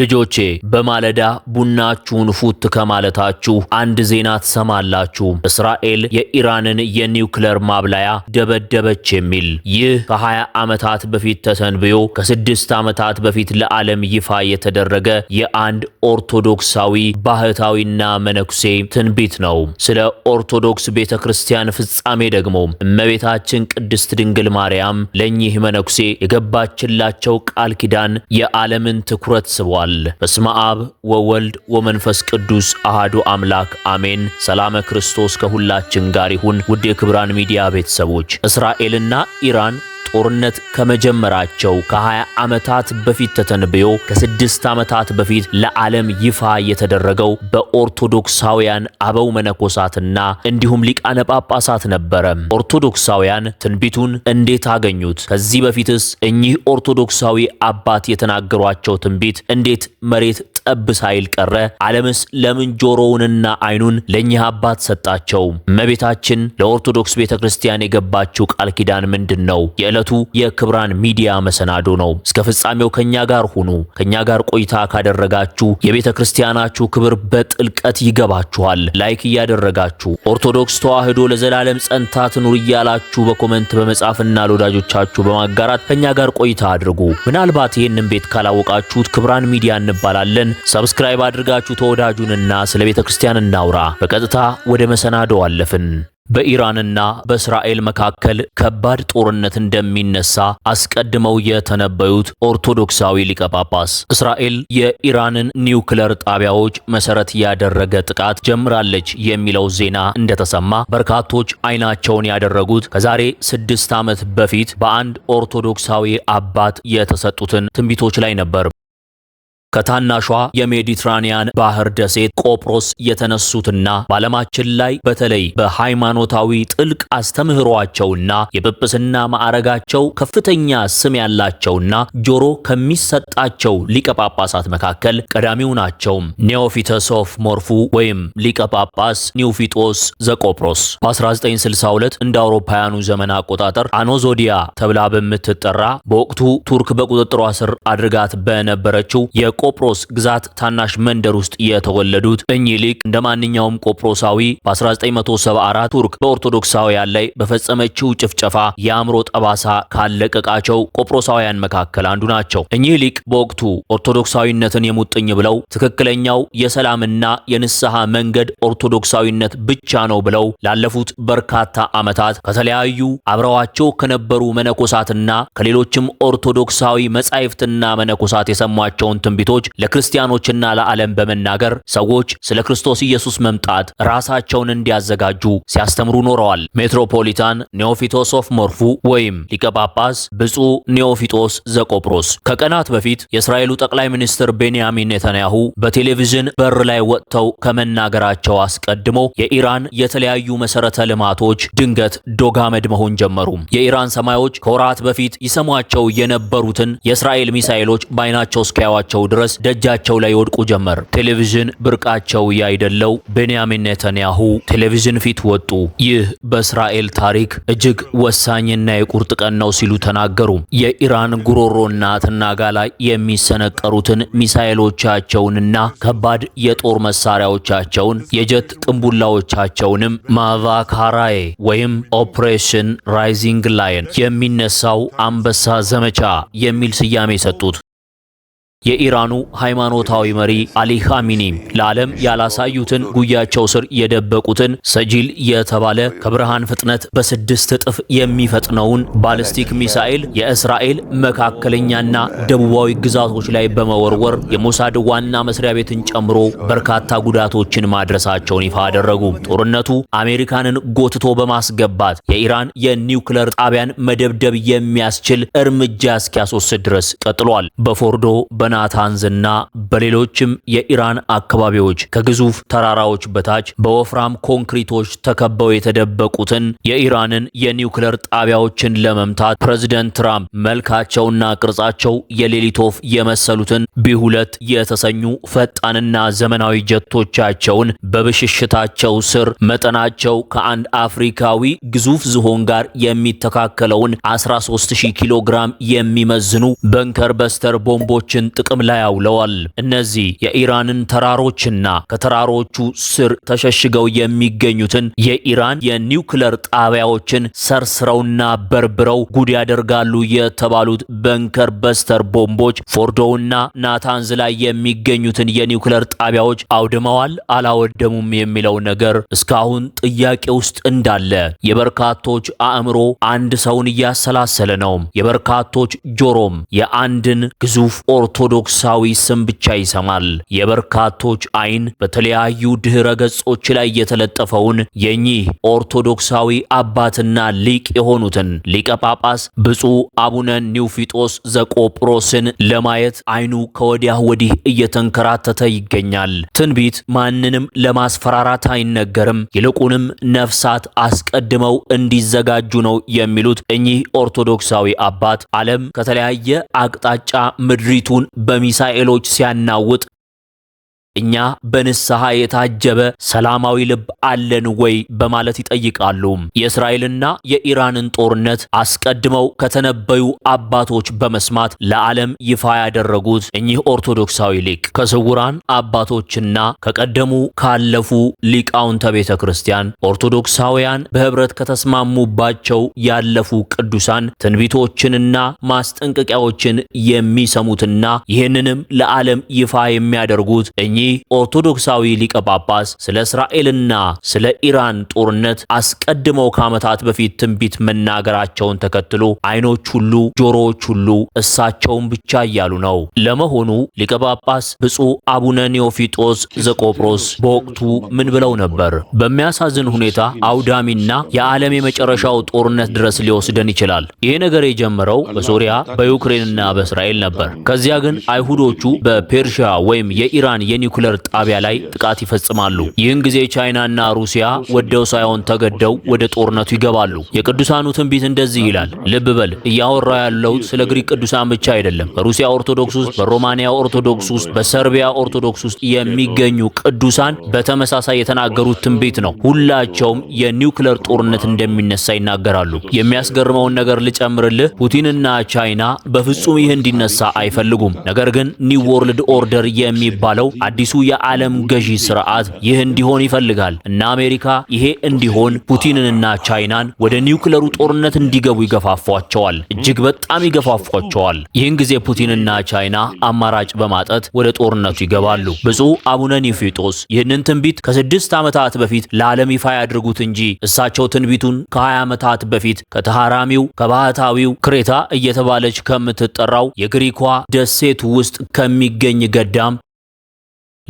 ልጆቼ በማለዳ ቡናችሁን ፉት ከማለታችሁ አንድ ዜና ትሰማላችሁ። እስራኤል የኢራንን የኒውክለር ማብላያ ደበደበች የሚል ይህ ከ20 ዓመታት በፊት ተሰንብዮ ከስድስት ዓመታት በፊት ለዓለም ይፋ የተደረገ የአንድ ኦርቶዶክሳዊ ባህታዊና መነኩሴ ትንቢት ነው። ስለ ኦርቶዶክስ ቤተ ክርስቲያን ፍጻሜ ደግሞ እመቤታችን ቅድስት ድንግል ማርያም ለእኚህ መነኩሴ የገባችላቸው ቃል ኪዳን የዓለምን ትኩረት ስቧል። ተገልጧል። በስመ አብ ወወልድ ወመንፈስ ቅዱስ አህዱ አምላክ አሜን። ሰላመ ክርስቶስ ከሁላችን ጋር ይሁን። ውድ የክብራን ሚዲያ ቤተሰቦች እስራኤልና ኢራን ጦርነት ከመጀመራቸው ከ20 ዓመታት በፊት ተተንብዮ ከስድስት ዓመታት በፊት ለዓለም ይፋ የተደረገው በኦርቶዶክሳውያን አበው መነኮሳትና እንዲሁም ሊቃነ ጳጳሳት ነበረ። ኦርቶዶክሳውያን ትንቢቱን እንዴት አገኙት? ከዚህ በፊትስ እኚህ ኦርቶዶክሳዊ አባት የተናገሯቸው ትንቢት እንዴት መሬት ጠብ ሳይል ቀረ? ዓለምስ ለምን ጆሮውንና አይኑን ለእኚህ አባት ሰጣቸው? እመቤታችን ለኦርቶዶክስ ቤተ ክርስቲያን የገባችው ቃል ኪዳን ምንድን ነው? የዕለቱ የክብራን ሚዲያ መሰናዶ ነው። እስከ ፍጻሜው ከእኛ ጋር ሁኑ። ከእኛ ጋር ቆይታ ካደረጋችሁ የቤተ ክርስቲያናችሁ ክብር በጥልቀት ይገባችኋል። ላይክ እያደረጋችሁ ኦርቶዶክስ ተዋህዶ ለዘላለም ጸንታ ትኑር እያላችሁ በኮመንት በመጻፍና ለወዳጆቻችሁ በማጋራት ከእኛ ጋር ቆይታ አድርጉ። ምናልባት ይህንን ቤት ካላወቃችሁት ክብራን ሚዲያ እንባላለን ሰብስክራይብ አድርጋችሁ ተወዳጁንና ስለ ቤተ ክርስቲያን እናውራ። በቀጥታ ወደ መሰናዶ አለፍን። በኢራንና በእስራኤል መካከል ከባድ ጦርነት እንደሚነሳ አስቀድመው የተነበዩት ኦርቶዶክሳዊ ሊቀ ጳጳስ እስራኤል የኢራንን ኒውክለር ጣቢያዎች መሰረት ያደረገ ጥቃት ጀምራለች የሚለው ዜና እንደተሰማ በርካቶች አይናቸውን ያደረጉት ከዛሬ ስድስት ዓመት በፊት በአንድ ኦርቶዶክሳዊ አባት የተሰጡትን ትንቢቶች ላይ ነበር። ከታናሿ የሜዲትራኒያን ባህር ደሴት ቆጵሮስ የተነሱትና በዓለማችን ላይ በተለይ በሃይማኖታዊ ጥልቅ አስተምህሯቸውና የጵጵስና ማዕረጋቸው ከፍተኛ ስም ያላቸውና ጆሮ ከሚሰጣቸው ሊቀ ጳጳሳት መካከል ቀዳሚው ናቸው። ኔዎፊተስ ኦፍ ሞርፉ ወይም ሊቀ ጳጳስ ኒውፊጦስ ዘቆጵሮስ በ1962 እንደ አውሮፓውያኑ ዘመን አቆጣጠር አኖዞዲያ ተብላ በምትጠራ በወቅቱ ቱርክ በቁጥጥሯ ስር አድርጋት በነበረችው በቆጵሮስ ግዛት ታናሽ መንደር ውስጥ የተወለዱት እኚህ ሊቅ እንደ ማንኛውም ቆጵሮሳዊ በ1974 ቱርክ በኦርቶዶክሳውያን ላይ በፈጸመችው ጭፍጨፋ የአእምሮ ጠባሳ ካለቀቃቸው ቆጵሮሳውያን መካከል አንዱ ናቸው። እኚህ ሊቅ በወቅቱ ኦርቶዶክሳዊነትን የሙጥኝ ብለው ትክክለኛው የሰላምና የንስሐ መንገድ ኦርቶዶክሳዊነት ብቻ ነው ብለው ላለፉት በርካታ ዓመታት ከተለያዩ አብረዋቸው ከነበሩ መነኮሳትና ከሌሎችም ኦርቶዶክሳዊ መጻሕፍትና መነኮሳት የሰሟቸውን ትንቢቶ ትምህርቶች ለክርስቲያኖችና ለዓለም በመናገር ሰዎች ስለ ክርስቶስ ኢየሱስ መምጣት ራሳቸውን እንዲያዘጋጁ ሲያስተምሩ ኖረዋል። ሜትሮፖሊታን ኔዎፊቶስ ኦፍ ሞርፉ ወይም ሊቀ ጳጳስ ብፁዕ ዘቆጵሮስ ከቀናት በፊት የእስራኤሉ ጠቅላይ ሚኒስትር ቤንያሚን ኔታንያሁ በቴሌቪዥን በር ላይ ወጥተው ከመናገራቸው አስቀድሞ የኢራን የተለያዩ መሰረተ ልማቶች ድንገት ዶጋመድ መሆን ጀመሩ። የኢራን ሰማዮች ከወራት በፊት ይሰሟቸው የነበሩትን የእስራኤል ሚሳኤሎች ባይናቸው እስኪያዋቸው ድረስ ድረስ ደጃቸው ላይ ወድቁ ጀመር። ቴሌቪዥን ብርቃቸው ያይደለው ቤንያሚን ኔታንያሁ ቴሌቪዥን ፊት ወጡ። ይህ በእስራኤል ታሪክ እጅግ ወሳኝና የቁርጥ ቀን ነው ሲሉ ተናገሩ። የኢራን ጉሮሮና ትናጋ ላይ የሚሰነቀሩትን ሚሳኤሎቻቸውንና ከባድ የጦር መሳሪያዎቻቸውን የጀት ቅንቡላዎቻቸውንም ማቫካራዬ ወይም ኦፕሬሽን ራይዚንግ ላይን የሚነሳው አንበሳ ዘመቻ የሚል ስያሜ ሰጡት። የኢራኑ ሃይማኖታዊ መሪ አሊ ኻሚኒ ለዓለም ያላሳዩትን ጉያቸው ስር የደበቁትን ሰጂል የተባለ ከብርሃን ፍጥነት በስድስት እጥፍ የሚፈጥነውን ባሊስቲክ ሚሳኤል የእስራኤል መካከለኛና ደቡባዊ ግዛቶች ላይ በመወርወር የሞሳድ ዋና መስሪያ ቤትን ጨምሮ በርካታ ጉዳቶችን ማድረሳቸውን ይፋ አደረጉ። ጦርነቱ አሜሪካንን ጎትቶ በማስገባት የኢራን የኒውክለር ጣቢያን መደብደብ የሚያስችል እርምጃ እስኪያስወስድ ድረስ ቀጥሏል። በፎርዶ በ በናታንዝና በሌሎችም የኢራን አካባቢዎች ከግዙፍ ተራራዎች በታች በወፍራም ኮንክሪቶች ተከበው የተደበቁትን የኢራንን የኒውክለር ጣቢያዎችን ለመምታት ፕሬዚደንት ትራምፕ መልካቸውና ቅርጻቸው የሌሊት ወፍ የመሰሉትን ቢሁለት የተሰኙ ፈጣንና ዘመናዊ ጀቶቻቸውን በብሽሽታቸው ስር መጠናቸው ከአንድ አፍሪካዊ ግዙፍ ዝሆን ጋር የሚተካከለውን 13000 ኪሎ ግራም የሚመዝኑ በንከር በስተር ቦምቦችን ጥቅም ላይ አውለዋል። እነዚህ የኢራንን ተራሮችና ከተራሮቹ ስር ተሸሽገው የሚገኙትን የኢራን የኒውክለር ጣቢያዎችን ሰርስረውና በርብረው ጉድ ያደርጋሉ የተባሉት በንከር በስተር ቦምቦች ፎርዶውና ናታንዝ ላይ የሚገኙትን የኒውክለር ጣቢያዎች አውድመዋል አላወደሙም የሚለው ነገር እስካሁን ጥያቄ ውስጥ እንዳለ የበርካቶች አእምሮ አንድ ሰውን እያሰላሰለ ነው። የበርካቶች ጆሮም የአንድን ግዙፍ ኦርቶዶክስ ኦርቶዶክሳዊ ስም ብቻ ይሰማል። የበርካቶች አይን በተለያዩ ድህረ ገጾች ላይ የተለጠፈውን የኚህ ኦርቶዶክሳዊ አባትና ሊቅ የሆኑትን ሊቀ ጳጳስ ብፁዕ አቡነ ኒውፊጦስ ዘቆጵሮስን ለማየት አይኑ ከወዲያ ወዲህ እየተንከራተተ ይገኛል። ትንቢት ማንንም ለማስፈራራት አይነገርም፣ ይልቁንም ነፍሳት አስቀድመው እንዲዘጋጁ ነው የሚሉት እኚህ ኦርቶዶክሳዊ አባት ዓለም ከተለያየ አቅጣጫ ምድሪቱን በሚሳኤሎች ሲያናውጥ እኛ በንስሐ የታጀበ ሰላማዊ ልብ አለን ወይ በማለት ይጠይቃሉ። የእስራኤልና የኢራንን ጦርነት አስቀድመው ከተነበዩ አባቶች በመስማት ለዓለም ይፋ ያደረጉት እኚህ ኦርቶዶክሳዊ ሊቅ ከስውራን አባቶችና ከቀደሙ ካለፉ ሊቃውንተ ቤተ ክርስቲያን ኦርቶዶክሳውያን በህብረት ከተስማሙባቸው ያለፉ ቅዱሳን ትንቢቶችንና ማስጠንቀቂያዎችን የሚሰሙትና ይህንንም ለዓለም ይፋ የሚያደርጉት እኚህ ኦርቶዶክሳዊ ሊቀ ጳጳስ ስለ እስራኤልና ስለ ኢራን ጦርነት አስቀድመው ከዓመታት በፊት ትንቢት መናገራቸውን ተከትሎ አይኖች ሁሉ ጆሮዎች ሁሉ እሳቸውን ብቻ እያሉ ነው። ለመሆኑ ሊቀ ጳጳስ ብፁዕ አቡነ ኒዮፊጦስ ዘቆጵሮስ በወቅቱ ምን ብለው ነበር? በሚያሳዝን ሁኔታ አውዳሚና የዓለም የመጨረሻው ጦርነት ድረስ ሊወስደን ይችላል። ይሄ ነገር የጀመረው በሶሪያ በዩክሬንና በእስራኤል ነበር። ከዚያ ግን አይሁዶቹ በፔርሺያ ወይም የኢራን የኒ የኒውክለር ጣቢያ ላይ ጥቃት ይፈጽማሉ። ይህን ጊዜ ቻይናና ሩሲያ ወደው ሳይሆን ተገደው ወደ ጦርነቱ ይገባሉ። የቅዱሳኑ ትንቢት እንደዚህ ይላል። ልብ በል እያወራ ያለው ስለ ግሪክ ቅዱሳን ብቻ አይደለም። በሩሲያ ኦርቶዶክስ ውስጥ፣ በሮማንያ ኦርቶዶክስ ውስጥ፣ በሰርቢያ ኦርቶዶክስ ውስጥ የሚገኙ ቅዱሳን በተመሳሳይ የተናገሩት ትንቢት ነው። ሁላቸውም የኒውክለር ጦርነት እንደሚነሳ ይናገራሉ። የሚያስገርመውን ነገር ልጨምርልህ። ፑቲንና ቻይና በፍጹም ይህ እንዲነሳ አይፈልጉም። ነገር ግን ኒው ወርልድ ኦርደር የሚባለው አዲስ አዲሱ የዓለም ገዢ ስርዓት ይህ እንዲሆን ይፈልጋል እና አሜሪካ ይሄ እንዲሆን ፑቲንንና ቻይናን ወደ ኒውክለሩ ጦርነት እንዲገቡ ይገፋፏቸዋል፣ እጅግ በጣም ይገፋፏቸዋል። ይህን ጊዜ ፑቲንና ቻይና አማራጭ በማጠት ወደ ጦርነቱ ይገባሉ። ብፁዕ አቡነ ኒፊጦስ ይህንን ትንቢት ከስድስት ዓመታት በፊት ለዓለም ይፋ ያድርጉት እንጂ እሳቸው ትንቢቱን ከ20 ዓመታት በፊት ከተሃራሚው ከባህታዊው ክሬታ እየተባለች ከምትጠራው የግሪኳ ደሴት ውስጥ ከሚገኝ ገዳም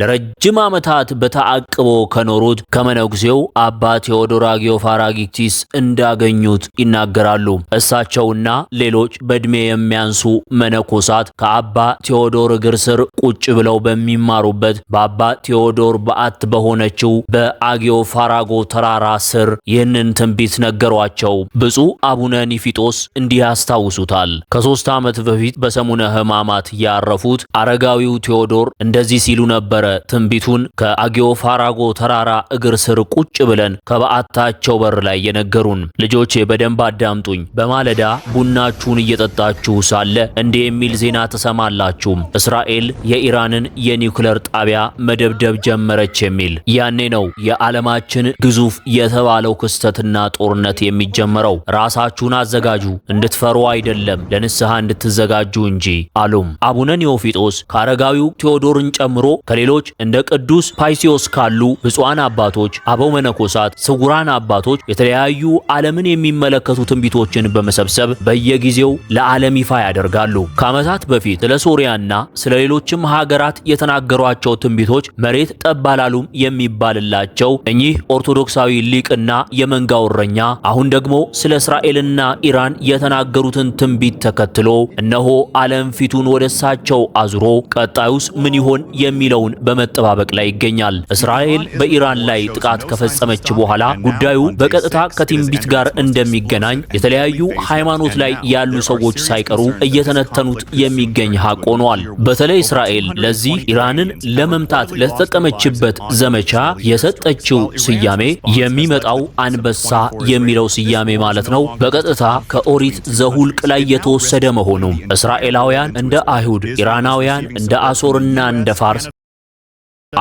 ለረጅም ዓመታት በተዓቅቦ ከኖሩት ከመነኩሴው አባ ቴዎዶር አጊዮፋራጊክቲስ እንዳገኙት ይናገራሉ። እሳቸውና ሌሎች በእድሜ የሚያንሱ መነኮሳት ከአባ ቴዎዶር እግር ስር ቁጭ ብለው በሚማሩበት በአባ ቴዎዶር በዓት በሆነችው በአጊዮፋራጎ ተራራ ስር ይህንን ትንቢት ነገሯቸው። ብፁዕ አቡነ ኒፊጦስ እንዲህ ያስታውሱታል። ከሦስት ዓመት በፊት በሰሙነ ሕማማት ያረፉት አረጋዊው ቴዎዶር እንደዚህ ሲሉ ነበር ነበረ። ትንቢቱን ከአጌዮ ፋራጎ ተራራ እግር ስር ቁጭ ብለን ከበዓታቸው በር ላይ የነገሩን። ልጆቼ በደንብ አዳምጡኝ። በማለዳ ቡናችሁን እየጠጣችሁ ሳለ እንዲህ የሚል ዜና ትሰማላችሁ። እስራኤል የኢራንን የኒውክለር ጣቢያ መደብደብ ጀመረች የሚል። ያኔ ነው የዓለማችን ግዙፍ የተባለው ክስተትና ጦርነት የሚጀመረው። ራሳችሁን አዘጋጁ፣ እንድትፈሩ አይደለም፣ ለንስሐ እንድትዘጋጁ እንጂ አሉም። አቡነ ኒዮፊጦስ ከአረጋዊው ቴዎዶርን ጨምሮ ከሌሎ ሌሎች እንደ ቅዱስ ፓይሲዮስ ካሉ ብፁዓን አባቶች፣ አበው መነኮሳት፣ ስጉራን አባቶች የተለያዩ ዓለምን የሚመለከቱ ትንቢቶችን በመሰብሰብ በየጊዜው ለዓለም ይፋ ያደርጋሉ። ከዓመታት በፊት ስለ ሶሪያና ስለ ሌሎችም ሀገራት የተናገሯቸው ትንቢቶች መሬት ጠብ አላሉም የሚባልላቸው እኚህ ኦርቶዶክሳዊ ሊቅና የመንጋው እረኛ አሁን ደግሞ ስለ እስራኤልና ኢራን የተናገሩትን ትንቢት ተከትሎ እነሆ ዓለም ፊቱን ወደ እሳቸው አዙሮ ቀጣዩስ ምን ይሆን የሚለውን በመጠባበቅ ላይ ይገኛል። እስራኤል በኢራን ላይ ጥቃት ከፈጸመች በኋላ ጉዳዩ በቀጥታ ከትንቢት ጋር እንደሚገናኝ የተለያዩ ሃይማኖት ላይ ያሉ ሰዎች ሳይቀሩ እየተነተኑት የሚገኝ ሀቅ ሆኗል። በተለይ እስራኤል ለዚህ ኢራንን ለመምታት ለተጠቀመችበት ዘመቻ የሰጠችው ስያሜ የሚመጣው አንበሳ የሚለው ስያሜ ማለት ነው። በቀጥታ ከኦሪት ዘሁልቅ ላይ የተወሰደ መሆኑም እስራኤላውያን እንደ አይሁድ፣ ኢራናውያን እንደ አሶርና እንደ ፋርስ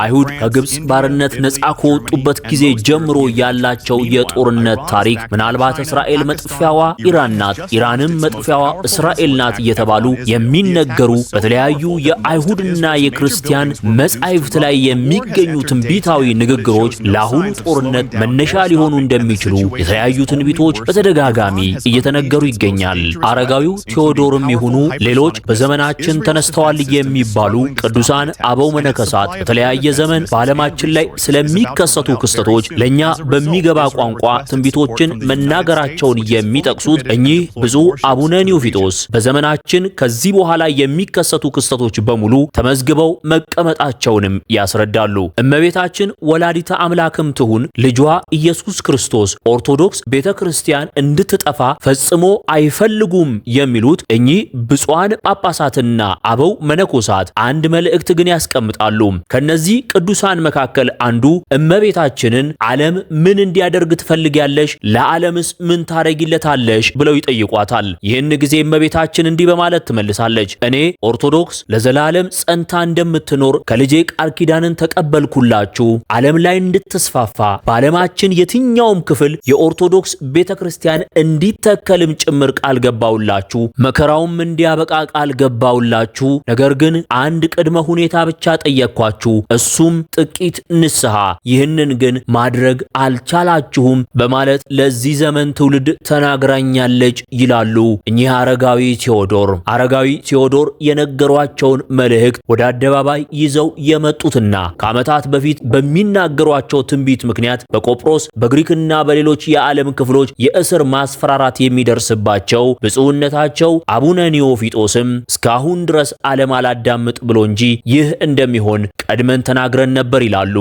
አይሁድ ከግብጽ ባርነት ነፃ ከወጡበት ጊዜ ጀምሮ ያላቸው የጦርነት ታሪክ ምናልባት እስራኤል መጥፊያዋ ኢራን ናት፣ ኢራንም መጥፊያዋ እስራኤል ናት እየተባሉ የሚነገሩ በተለያዩ የአይሁድና የክርስቲያን መጻሕፍት ላይ የሚገኙ ትንቢታዊ ንግግሮች ለአሁኑ ጦርነት መነሻ ሊሆኑ እንደሚችሉ የተለያዩ ትንቢቶች በተደጋጋሚ እየተነገሩ ይገኛል። አረጋዊው ቴዎዶርም ይሁኑ ሌሎች በዘመናችን ተነስተዋል የሚባሉ ቅዱሳን አበው መነከሳት በተለያዩ በየዘመን በዓለማችን ላይ ስለሚከሰቱ ክስተቶች ለእኛ በሚገባ ቋንቋ ትንቢቶችን መናገራቸውን የሚጠቅሱት እኚህ ብፁዕ አቡነ ኒውፊቶስ በዘመናችን ከዚህ በኋላ የሚከሰቱ ክስተቶች በሙሉ ተመዝግበው መቀመጣቸውንም ያስረዳሉ። እመቤታችን ወላዲተ አምላክም ትሁን ልጇ ኢየሱስ ክርስቶስ ኦርቶዶክስ ቤተ ክርስቲያን እንድትጠፋ ፈጽሞ አይፈልጉም የሚሉት እኚህ ብፁዓን ጳጳሳትና አበው መነኮሳት አንድ መልእክት ግን ያስቀምጣሉ። ከነዚህ ከነዚህ ቅዱሳን መካከል አንዱ እመቤታችንን ዓለም ምን እንዲያደርግ ትፈልጊያለሽ? ለዓለምስ ምን ታረጊለታለሽ? ብለው ይጠይቋታል። ይህን ጊዜ እመቤታችን እንዲህ በማለት ትመልሳለች። እኔ ኦርቶዶክስ ለዘላለም ጸንታ እንደምትኖር ከልጄ ቃል ኪዳንን ተቀበልኩላችሁ ዓለም ላይ እንድትስፋፋ በዓለማችን የትኛውም ክፍል የኦርቶዶክስ ቤተ ክርስቲያን እንዲተከልም ጭምር ቃል ገባውላችሁ፣ መከራውም እንዲያበቃ ቃል ገባውላችሁ። ነገር ግን አንድ ቅድመ ሁኔታ ብቻ ጠየቅኳችሁ እሱም ጥቂት ንስሐ፣ ይህንን ግን ማድረግ አልቻላችሁም በማለት ለዚህ ዘመን ትውልድ ተናግራኛለች ይላሉ እኚህ አረጋዊ ቴዎዶር። አረጋዊ ቴዎዶር የነገሯቸውን መልእክት ወደ አደባባይ ይዘው የመጡትና ከዓመታት በፊት በሚናገሯቸው ትንቢት ምክንያት በቆጵሮስ በግሪክና በሌሎች የዓለም ክፍሎች የእስር ማስፈራራት የሚደርስባቸው ብፁዕነታቸው አቡነ ኒዮፊጦስም እስካሁን ድረስ ዓለም አላዳምጥ ብሎ እንጂ ይህ እንደሚሆን ቀድመን ተናግረን ነበር ይላሉ።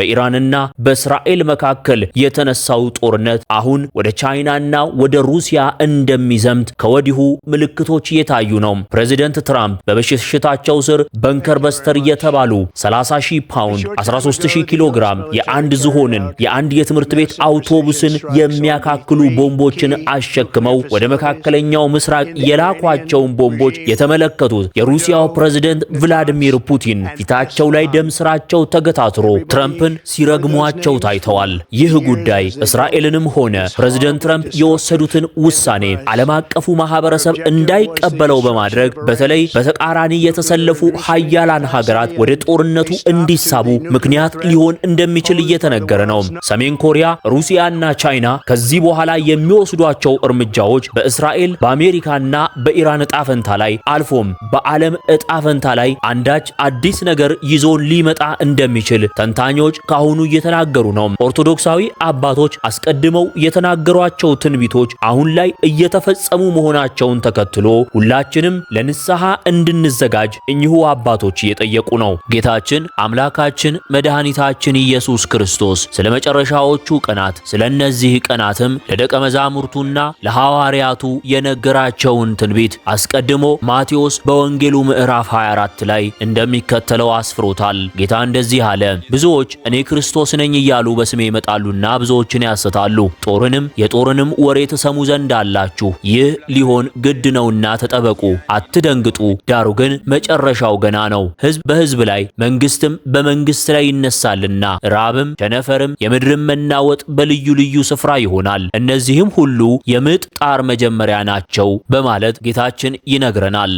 በኢራንና በእስራኤል መካከል የተነሳው ጦርነት አሁን ወደ ቻይናና ወደ ሩሲያ እንደሚዘምት ከወዲሁ ምልክቶች እየታዩ ነው። ፕሬዚደንት ትራምፕ በብሽሽታቸው ስር በንከር በስተር የተባሉ 30,000 ፓውንድ 13,000 ኪሎ ግራም የአንድ ዝሆንን የአንድ የትምህርት ቤት አውቶቡስን የሚያካክሉ ቦምቦችን አሸክመው ወደ መካከለኛው ምስራቅ የላኳቸውን ቦምቦች የተመለከቱት የሩሲያው ፕሬዚደንት ቭላዲሚር ፑቲን ፊታቸው ላይ ደም ስራቸው ተገታትሮ ትራምፕ ትራምፕን ሲረግሟቸው ታይተዋል። ይህ ጉዳይ እስራኤልንም ሆነ ፕሬዝደንት ትራምፕ የወሰዱትን ውሳኔ ዓለም አቀፉ ማህበረሰብ እንዳይቀበለው በማድረግ በተለይ በተቃራኒ የተሰለፉ ሀያላን ሀገራት ወደ ጦርነቱ እንዲሳቡ ምክንያት ሊሆን እንደሚችል እየተነገረ ነው። ሰሜን ኮሪያ፣ ሩሲያና ቻይና ከዚህ በኋላ የሚወስዷቸው እርምጃዎች በእስራኤል በአሜሪካና በኢራን እጣ ፈንታ ላይ አልፎም በዓለም እጣ ፈንታ ላይ አንዳች አዲስ ነገር ይዞ ሊመጣ እንደሚችል ተንታኞች ሰዎች ካሁኑ እየተናገሩ ነው። ኦርቶዶክሳዊ አባቶች አስቀድመው የተናገሯቸው ትንቢቶች አሁን ላይ እየተፈጸሙ መሆናቸውን ተከትሎ ሁላችንም ለንስሐ እንድንዘጋጅ እኚሁ አባቶች እየጠየቁ ነው። ጌታችን አምላካችን መድኃኒታችን ኢየሱስ ክርስቶስ ስለ መጨረሻዎቹ ቀናት ስለ እነዚህ ቀናትም ለደቀ መዛሙርቱና ለሐዋርያቱ የነገራቸውን ትንቢት አስቀድሞ ማቴዎስ በወንጌሉ ምዕራፍ 24 ላይ እንደሚከተለው አስፍሮታል። ጌታ እንደዚህ አለ ብዙዎች እኔ ክርስቶስ ነኝ እያሉ በስሜ ይመጣሉና ብዙዎችን ያስታሉ። ጦርንም የጦርንም ወሬ ትሰሙ ዘንድ አላችሁ። ይህ ሊሆን ግድ ነውና ተጠበቁ፣ አትደንግጡ። ዳሩ ግን መጨረሻው ገና ነው። ሕዝብ በሕዝብ ላይ መንግስትም በመንግስት ላይ ይነሳልና ራብም ቸነፈርም የምድርም መናወጥ በልዩ ልዩ ስፍራ ይሆናል። እነዚህም ሁሉ የምጥ ጣር መጀመሪያ ናቸው በማለት ጌታችን ይነግረናል።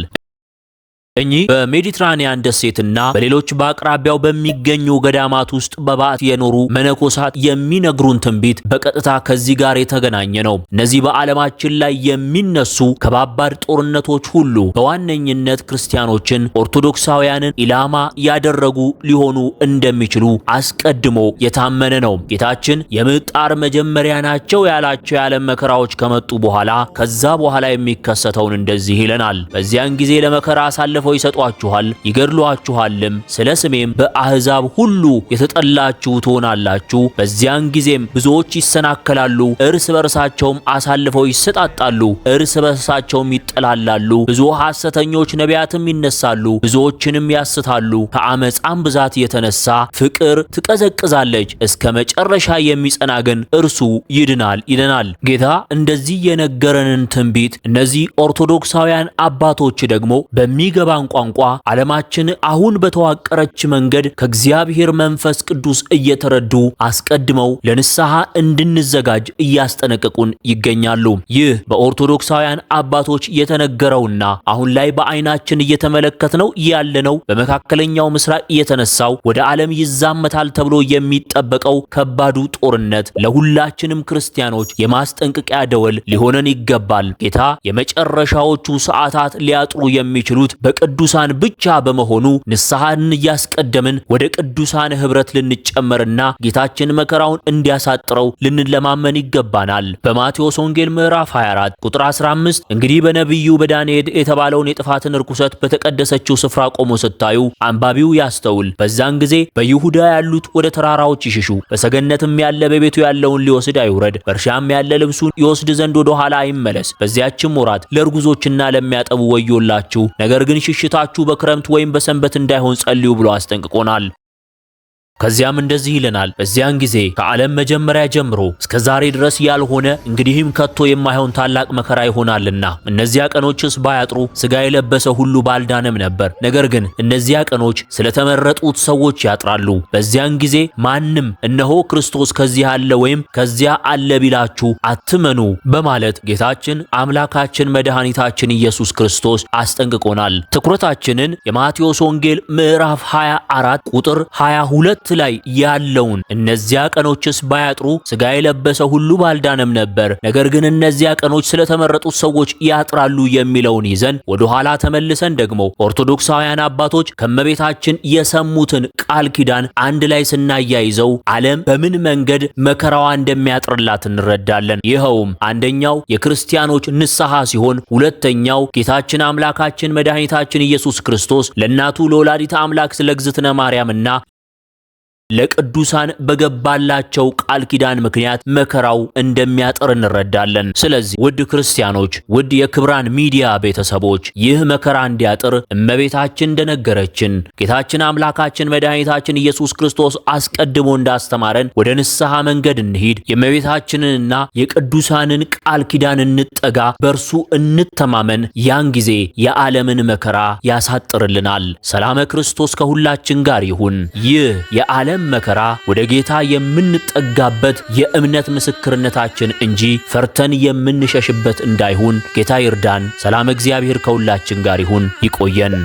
እኚህ በሜዲትራኒያን ደሴትና በሌሎች በአቅራቢያው በሚገኙ ገዳማት ውስጥ በባት የኖሩ መነኮሳት የሚነግሩን ትንቢት በቀጥታ ከዚህ ጋር የተገናኘ ነው። እነዚህ በዓለማችን ላይ የሚነሱ ከባባድ ጦርነቶች ሁሉ በዋነኝነት ክርስቲያኖችን፣ ኦርቶዶክሳውያንን ኢላማ ያደረጉ ሊሆኑ እንደሚችሉ አስቀድሞ የታመነ ነው። ጌታችን የምጣር መጀመሪያ ናቸው ያላቸው የዓለም መከራዎች ከመጡ በኋላ ከዛ በኋላ የሚከሰተውን እንደዚህ ይለናል። በዚያን ጊዜ ለመከራ አሳልፈ አሳልፈው ይሰጧችኋል፣ ይገድሏችኋልም። ስለ ስሜም በአሕዛብ ሁሉ የተጠላችሁ ትሆናላችሁ። በዚያን ጊዜም ብዙዎች ይሰናከላሉ፣ እርስ በርሳቸውም አሳልፈው ይሰጣጣሉ፣ እርስ በርሳቸውም ይጠላላሉ። ብዙ ሐሰተኞች ነቢያትም ይነሳሉ፣ ብዙዎችንም ያስታሉ። ከአመፃም ብዛት የተነሳ ፍቅር ትቀዘቅዛለች፣ እስከ መጨረሻ የሚጸና ግን እርሱ ይድናል ይለናል ጌታ። እንደዚህ የነገረንን ትንቢት እነዚህ ኦርቶዶክሳውያን አባቶች ደግሞ በሚገባ በዕብራን ቋንቋ ዓለማችን አሁን በተዋቀረች መንገድ ከእግዚአብሔር መንፈስ ቅዱስ እየተረዱ አስቀድመው ለንስሐ እንድንዘጋጅ እያስጠነቀቁን ይገኛሉ። ይህ በኦርቶዶክሳውያን አባቶች የተነገረውና አሁን ላይ በዓይናችን እየተመለከትነው ያለነው በመካከለኛው ምስራቅ እየተነሳው ወደ ዓለም ይዛመታል ተብሎ የሚጠበቀው ከባዱ ጦርነት ለሁላችንም ክርስቲያኖች የማስጠንቀቂያ ደወል ሊሆነን ይገባል። ጌታ የመጨረሻዎቹ ሰዓታት ሊያጥሩ የሚችሉት በቅ ቅዱሳን ብቻ በመሆኑ ንስሐን እያስቀደምን ወደ ቅዱሳን ኅብረት ልንጨመርና ጌታችን መከራውን እንዲያሳጥረው ልንለማመን ይገባናል። በማቴዎስ ወንጌል ምዕራፍ 24 ቁጥር 15 እንግዲህ በነቢዩ በዳንኤል የተባለውን የጥፋትን ርኩሰት በተቀደሰችው ስፍራ ቆሞ ስታዩ አንባቢው ያስተውል። በዛን ጊዜ በይሁዳ ያሉት ወደ ተራራዎች ይሽሹ። በሰገነትም ያለ በቤቱ ያለውን ሊወስድ አይውረድ። በእርሻም ያለ ልብሱን ይወስድ ዘንድ ወደ ኋላ አይመለስ። በዚያችም ወራት ለርጉዞችና ለሚያጠቡ ወዮላችሁ። ነገር ግን ሽሹ ሽታችሁ በክረምት ወይም በሰንበት እንዳይሆን ጸልዩ ብሎ አስጠንቅቆናል። ከዚያም እንደዚህ ይለናል። በዚያን ጊዜ ከዓለም መጀመሪያ ጀምሮ እስከ ዛሬ ድረስ ያልሆነ እንግዲህም ከቶ የማይሆን ታላቅ መከራ ይሆናልና እነዚያ ቀኖችስ ባያጥሩ ሥጋ የለበሰ ሁሉ ባልዳነም ነበር። ነገር ግን እነዚያ ቀኖች ስለተመረጡት ሰዎች ያጥራሉ። በዚያን ጊዜ ማንም እነሆ ክርስቶስ ከዚህ አለ ወይም ከዚያ አለ ቢላችሁ አትመኑ በማለት ጌታችን አምላካችን መድኃኒታችን ኢየሱስ ክርስቶስ አስጠንቅቆናል። ትኩረታችንን የማቴዎስ ወንጌል ምዕራፍ 24 ቁጥር 22 አራት ላይ ያለውን እነዚያ ቀኖችስ ባያጥሩ ስጋ የለበሰ ሁሉ ባልዳነም ነበር፣ ነገር ግን እነዚያ ቀኖች ስለተመረጡት ሰዎች ያጥራሉ የሚለውን ይዘን ወደ ኋላ ተመልሰን ደግሞ ኦርቶዶክሳውያን አባቶች ከመቤታችን የሰሙትን ቃል ኪዳን አንድ ላይ ስናያይዘው ዓለም በምን መንገድ መከራዋ እንደሚያጥርላት እንረዳለን። ይኸውም አንደኛው የክርስቲያኖች ንስሐ ሲሆን ሁለተኛው ጌታችን አምላካችን መድኃኒታችን ኢየሱስ ክርስቶስ ለእናቱ ለወላዲተ አምላክ ስለ እግዝእትነ ማርያምና ለቅዱሳን በገባላቸው ቃል ኪዳን ምክንያት መከራው እንደሚያጥር እንረዳለን። ስለዚህ ውድ ክርስቲያኖች፣ ውድ የክብራን ሚዲያ ቤተሰቦች ይህ መከራ እንዲያጥር እመቤታችን እንደነገረችን ጌታችን አምላካችን መድኃኒታችን ኢየሱስ ክርስቶስ አስቀድሞ እንዳስተማረን ወደ ንስሐ መንገድ እንሂድ፣ የእመቤታችንንና የቅዱሳንን ቃል ኪዳን እንጠጋ፣ በእርሱ እንተማመን። ያን ጊዜ የዓለምን መከራ ያሳጥርልናል። ሰላመ ክርስቶስ ከሁላችን ጋር ይሁን። ይህ የዓለም ዓለም መከራ ወደ ጌታ የምንጠጋበት የእምነት ምስክርነታችን እንጂ ፈርተን የምንሸሽበት እንዳይሁን ጌታ ይርዳን። ሰላም እግዚአብሔር ከሁላችን ጋር ይሁን። ይቆየን።